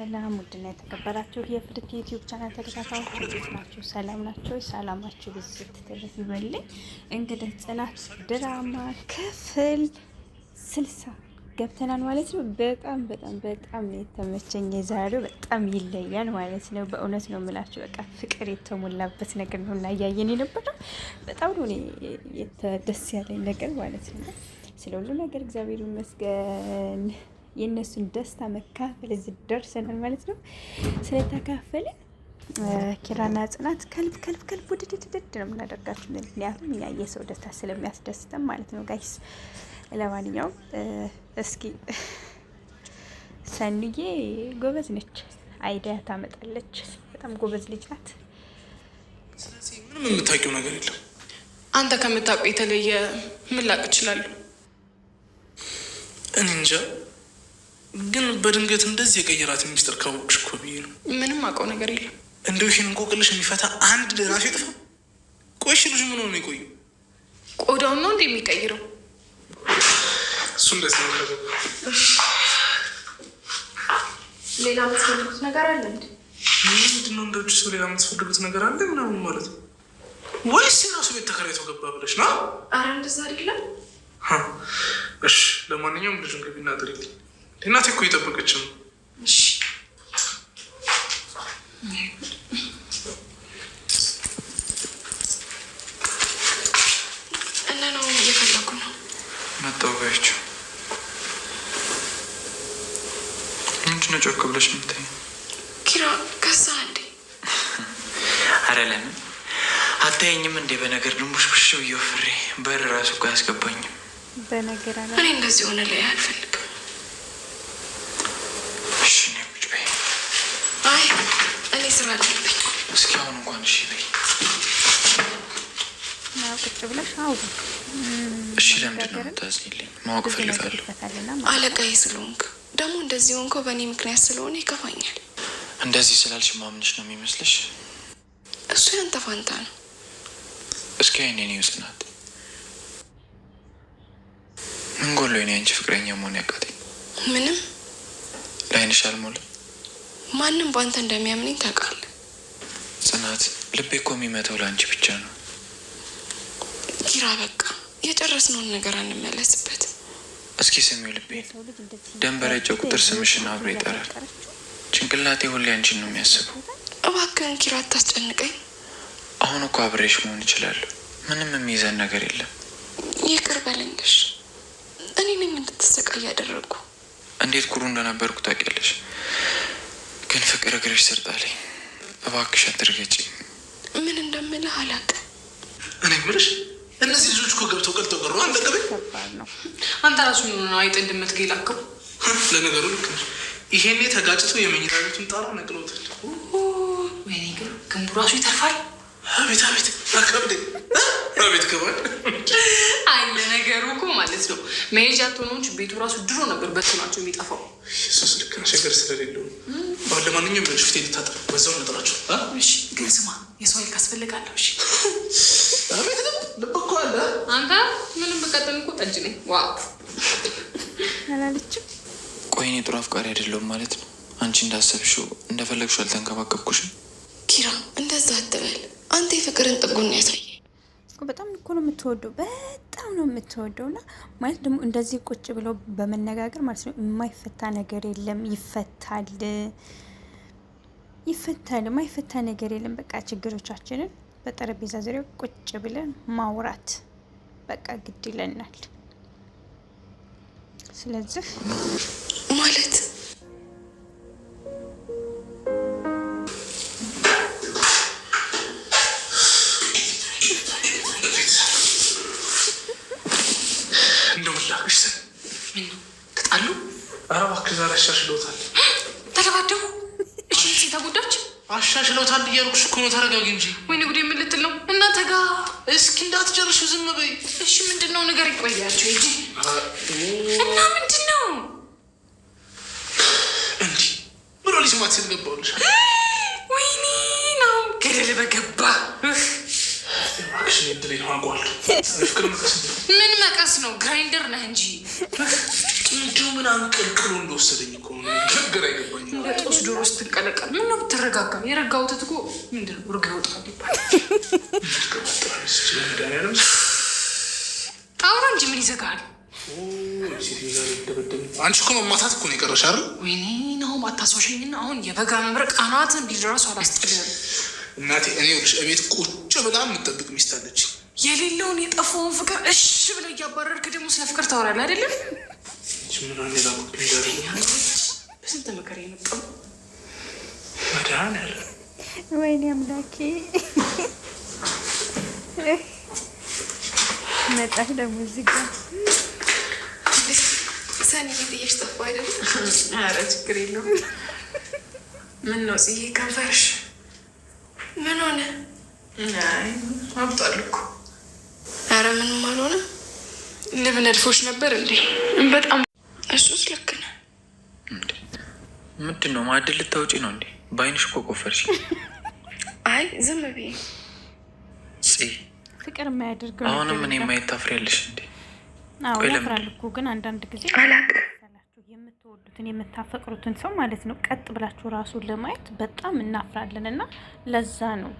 ሰላም ውድና የተከበራችሁ የፍልክ ዩቲዩብ ቻናል ተከታታዮች እንዴት ናችሁ? ሰላም ናችሁ? ሰላማችሁ ብዝት ትርፍ ይበልኝ። እንግዲህ ጽናት ድራማ ክፍል ስልሳ ገብተናል ማለት ነው። በጣም በጣም በጣም የተመቸኝ የዛሬው በጣም ይለያል ማለት ነው። በእውነት ነው የምላችሁ፣ በቃ ፍቅር የተሞላበት ነገር ነው እና እያየን የነበረው በጣም ነው የተደስ ያለኝ ነገር ማለት ነው። ስለ ሁሉ ነገር እግዚአብሔር ይመስገን። የእነሱን ደስታ መካፈል እዚህ ደርሰናል ማለት ነው። ስለተካፈለ ኪራና ጽናት ከልብ ከልብ ከልብ ውድድድድድ ነው የምናደርጋችሁ። ምክንያቱም እኛ የሰው ደስታ ስለሚያስደስተን ማለት ነው ጋይስ። ለማንኛውም እስኪ ሰንዬ ጎበዝ ነች፣ አይዲያ ታመጣለች። በጣም ጎበዝ ልጅ ናት። ምንም የምታውቂው ነገር የለም። አንተ ከምታውቀው የተለየ ምን ላቅ እችላለሁ እኔ እንጃ ግን በድንገት እንደዚህ የቀየራት ሚስጥር ካወቅሽ እኮ ብዬ ነው። ምንም አውቀው ነገር የለም። እንደው ይህን እንቆቅልሽ የሚፈታ አንድ ደህና ሰው ይጥፋ። ቆይሽ ልጅ ምን ሆነ የቆየው? ቆዳውን ነው እንደ የሚቀይረው እሱ እንደዚህ ነው። ሌላ የምትፈልጉት ነገር አለ እንዴ? ምንድን ነው እንደው ሰው ሌላ የምትፈልጉት ነገር አለ ምናምን ማለት ነው ወይስ የራሱ ቤት ተከራይቶ ገባ ብለሽ ነው? አረ እንደዛ አይደለም። እሺ፣ ለማንኛውም ልጁን ግቢና ጥሪልኝ እናቴ እኮ እየጠበቀች ነው። ነው እየፈለጉ ነው መጣወያቸው ምንድን ጮክ ብለሽ ኪራ ከሳ እንዴ? አረ ለምን አታየኝም እንዴ? በነገር ድንቡሽብሽ ብዬ ወፍሬ በር ራሱ እኮ አያስገባኝም። በነገር እኔ እንደዚህ ሆነ ላይ አልፈልግም ስራ አለብኝ። እስኪ አሁን እንኳን እሺ በይ ቁጭ ብለሽ አውሩ። እሺ ለምንድን ነው የምታዝኝልኝ? ማወቅ ፈልጋለሁ። አለቃዬ ስለሆንክ ደግሞ እንደዚህ ሆንከው በእኔ ምክንያት ስለሆነ ይከፋኛል። እንደዚህ ስላልሽ ማምንሽ ነው የሚመስልሽ? እሱ ያንተ ፋንታ ነው። እስኪ አይኔን ጽናት፣ ምን ጎሎኝ ነው የአንቺ ፍቅረኛ መሆን ያቃተኝ? ምንም ላይንሻል ሞላ ማንም በአንተ እንደሚያምነኝ ታውቃለህ። ጽናት፣ ልቤ እኮ የሚመተው ለአንቺ ብቻ ነው። ኪራ፣ በቃ የጨረስነውን ነገር አንመለስበት። እስኪ ስሚው ልቤን። ደም በረጨ ቁጥር ስምሽን አብሮ ይጠራል። ጭንቅላቴ ሁሌ አንቺን ነው የሚያስበው። እባክህን ኪራ፣ አታስጨንቀኝ። አሁን እኮ አብሬሽ መሆን ይችላሉ። ምንም የሚይዘን ነገር የለም። ይቅር በለኝሽ። እኔ ነኝ እንድትሰቃይ ያደረጉ። እንዴት ኩሩ እንደነበርኩ ታውቂያለሽ። ግን ፍቅር እግርሽ ስር ጣለኝ። እባክሽ አትርገጭ። ምን እንደምልህ አላውቅም። እኔ የምልሽ እነዚህ ልጆች እኮ ገብተው ገልተው ቀሩ። አንተ ራሱ ሆነ አይጥ እንድመትገ ይላከው ለነገሩ ልክ ነሽ። ይሄኔ ተጋጭቶ የመኝታ ቤቱን ጣራ ነቅለውታል። ወይኔ ግን ግንቡ ራሱ ይተርፋል። አቤት አቤት አከብደ አቤት ከባድ አይ ለነገሩ እኮ ማለት ነው መሄጃ ቶኖች ቤቱ ራሱ ድሮ ነበር በትናቸው የሚጠፋው ሱስ ልክ ነሽ ነገር ስለሌለው አሁን ለማንኛውም ብለሽ ፊት በዛው ነጥራቸው ግን ስማ የሰው ኃይል አስፈልጋለሁ እሺ አቤት ልብ እኮ አለ አንተ ምንም በቀጠን እኮ ጠጅ ነኝ ዋ አላለችም ቆይን የጥሩ አፍቃሪ አይደለውም ማለት ነው አንቺ እንዳሰብሽው እንደፈለግሽው አልተንከባከብኩሽም ኪራ እንደዛ አትበል አንተ የፍቅርን ጥጉን ያሳየ በጣም እኮ ነው የምትወደው፣ በጣም ነው የምትወደው። እና ማለት ደግሞ እንደዚህ ቁጭ ብለው በመነጋገር ማለት ነው የማይፈታ ነገር የለም፣ ይፈታል፣ ይፈታል፣ የማይፈታ ነገር የለም። በቃ ችግሮቻችንን በጠረጴዛ ዙሪያ ቁጭ ብለን ማውራት በቃ ግድ ይለናል። ስለዚህ ኧረ እባክህ ዛሬ አሻሽለውታል። ተደባደቡ። እሺ ተጎዳች። አሻሽለውታል እያልኩሽ እኮ ነው። ተረጋጊ እንጂ። ወይኔ ጉዴ! ምን ልትል ነው? እናንተ ጋ እስኪ እንዳትጨርሺው ዝም በይ እሺ። ምንድን ነው ነገር ይቆያቸው እንጂ እና ምንድን ነው እንዲህ ብሎ ሊስማት ስል ገባሁልሽ። ወይኔ ነው ገደል በገባ ምን መቀስ ነው? ግራይንደር ነህ እንጂ እንዲሁ ምን ቅልቅሎ እንደወሰደኝ እኮ ነገር አይገባኝ። ጦስ ዶሮ ስትንቀለቀል ምን ነው ብትረጋጋ። የረጋ ወተት እኮ ምንድን ነው ርጋ ይወጣል ይባላል። አውራ እንጂ ምን ይዘጋል? አንቺ እኮ መማታት እኮ ነው የቀረሽ አይደል? ወይኔ ነው አታስዋሽኝና አሁን የበጋ መብረቅ አናት እንዲደረሱ አላስጠልም። እናቴ እኔ እቤት ቁጭ ብላ የምጠብቅ ሚስት አለች። የሌለውን የጠፋውን ፍቅር እሺ ብለ እያባረርክ ደግሞ ስለ ፍቅር ታወራለህ አይደለም? በስንት መከራ የመጣው ወይኔ አምላኬ መጣሽ ደግሞ እዚህ ጋር ሰኒ ቤትየሽ ጠፋ አይደል? ኧረ ችግር የለውም። ምን ነው ጽዬ ከንፈርሽ ምን ሆነ? አብጧል እኮ ኧረ ምንም አልሆነ። ልብ ነድፎች ነበር እንዴ? በጣም ምንድን ነው ማዕድን ልታውጪ ነው እንዴ? በአይንሽ እኮ ቆፈርሽ። አይ ዝም ብዬ ፍቅር የማያደርገው አሁንም እኔ ማየት ታፍሪያለሽ እንዴ? ያፍራል እኮ ግን አንዳንድ ጊዜ የምትወዱትን የምታፈቅሩትን ሰው ማለት ነው ቀጥ ብላችሁ ራሱ ለማየት በጣም እናፍራለን። እና ለዛ ነው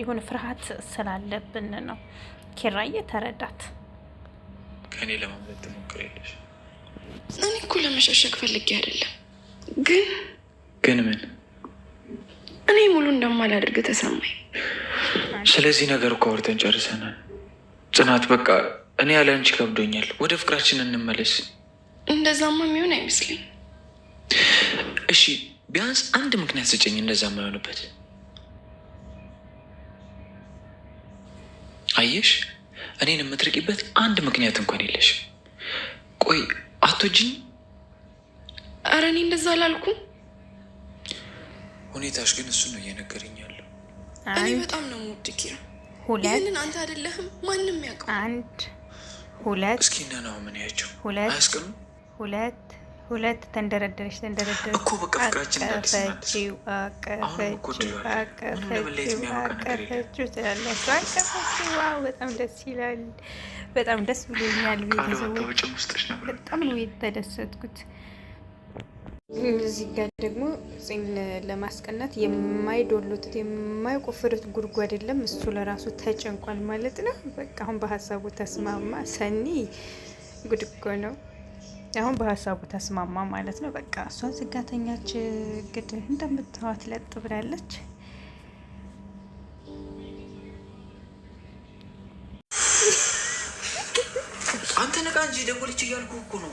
የሆነ ፍርሃት ስላለብን ነው። ኪራዬ ተረዳት። ከእኔ ለማምለጥ ትሞክሪያለሽ። እኔ እኮ ለመሸሸግ ፈልጌ አይደለም ግን ግን ምን እኔ ሙሉ እንደማላደርግ ተሰማኝ። ስለዚህ ነገር እኮ አውርተን ጨርሰናል ጽናት። በቃ እኔ ያለ አንቺ ከብዶኛል። ወደ ፍቅራችን እንመለስ። እንደዛማ የሚሆን አይመስለኝ። እሺ ቢያንስ አንድ ምክንያት ስጭኝ እንደዛ የማይሆንበት። አየሽ እኔን የምትርቂበት አንድ ምክንያት እንኳን የለሽ። ቆይ አቶጅኝ አረ እኔ እንደዛ አላልኩም። ሁኔታሽ ግን እሱ ነው እየነገረኝ ያለው። እኔ በጣም ነው ሙድኪ ነው። ይህንን አንተ አይደለህም ማንም ያውቀው። አንድ ሁለት እስኪ እና ነው ምን ያቸው ሁለት አያስቀኑ ሁለት ሁለት ተንደረደረች ተንደረደረች እኮ በቃ ፍቅራችን አቀፈችው አቀፈችው አቀፈችው አቀፈችው ዋው በጣም ደስ ይላል። በጣም ደስ ብሎኛል ቤተሰቦች። በጣም ነው የተደሰትኩት። እዚህ ጋር ደግሞ ፂም ለማስቀናት የማይዶሉት የማይቆፍሩት ጉድጓድ የለም። እሱ ለራሱ ተጨንቋል ማለት ነው። በቃ አሁን በሀሳቡ ተስማማ። ሰኒ ጉድጎ ነው። አሁን በሀሳቡ ተስማማ ማለት ነው። በቃ እሷን ዝጋተኛች ግድ እንደምታዋት ለጥ ብላለች። አንተ ነቃ እንጂ ደወለች እያልኩ እኮ ነው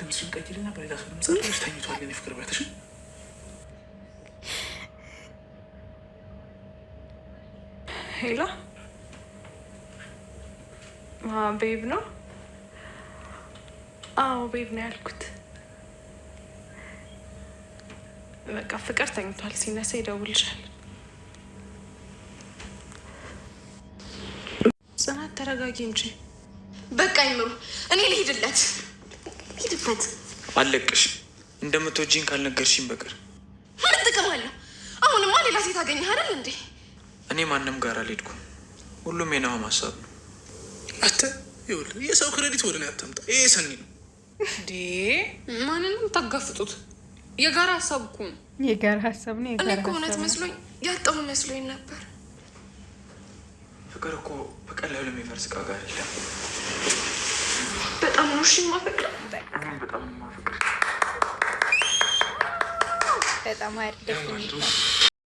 ድምፅሽን ቀይሪና በሌላ ሰው ድምፅ አድርገሽ ተኝቷል። የእኔ ፍቅር በትሽን ሄላ ቤብ ነው። አዎ ቤብ ነው ያልኩት። በቃ ፍቅር ተኝቷል፣ ሲነሳ ይደውልሻል። ጽናት ተረጋጊ እንጂ በቃ ይምሩ። እኔ ልሂድለት ሂድበት። አለቅሽ እንደምትወጂኝ ካልነገርሽኝ በቀር ምን ጥቅም አለው? አሁንማ ሌላ ሴት አገኘህ አይደል እንዴ? እኔ ማንም ጋር አልሄድኩም። ሁሉም የናሆም ሀሳብ ነው። አንተ ይኸውልህ፣ የሰው ክሬዲት ወደ ላይ አታምጣ። ይሄ ሰኒ ነው እንዴ? ማንንም ታጋፍጡት። የጋራ ሀሳብ እኮ ነው። የጋራ ሀሳብ ነው። የጋራ ሀሳብ እውነት መስሎኝ ያጠሙ መስሎኝ ነበር። ፍቅር እኮ በቀላሉ የሚፈርስ ዕቃ ጋር የለም። በጣም ነው እሺ የማፈቅረው። በጣም አሪፍ ደስ የሚል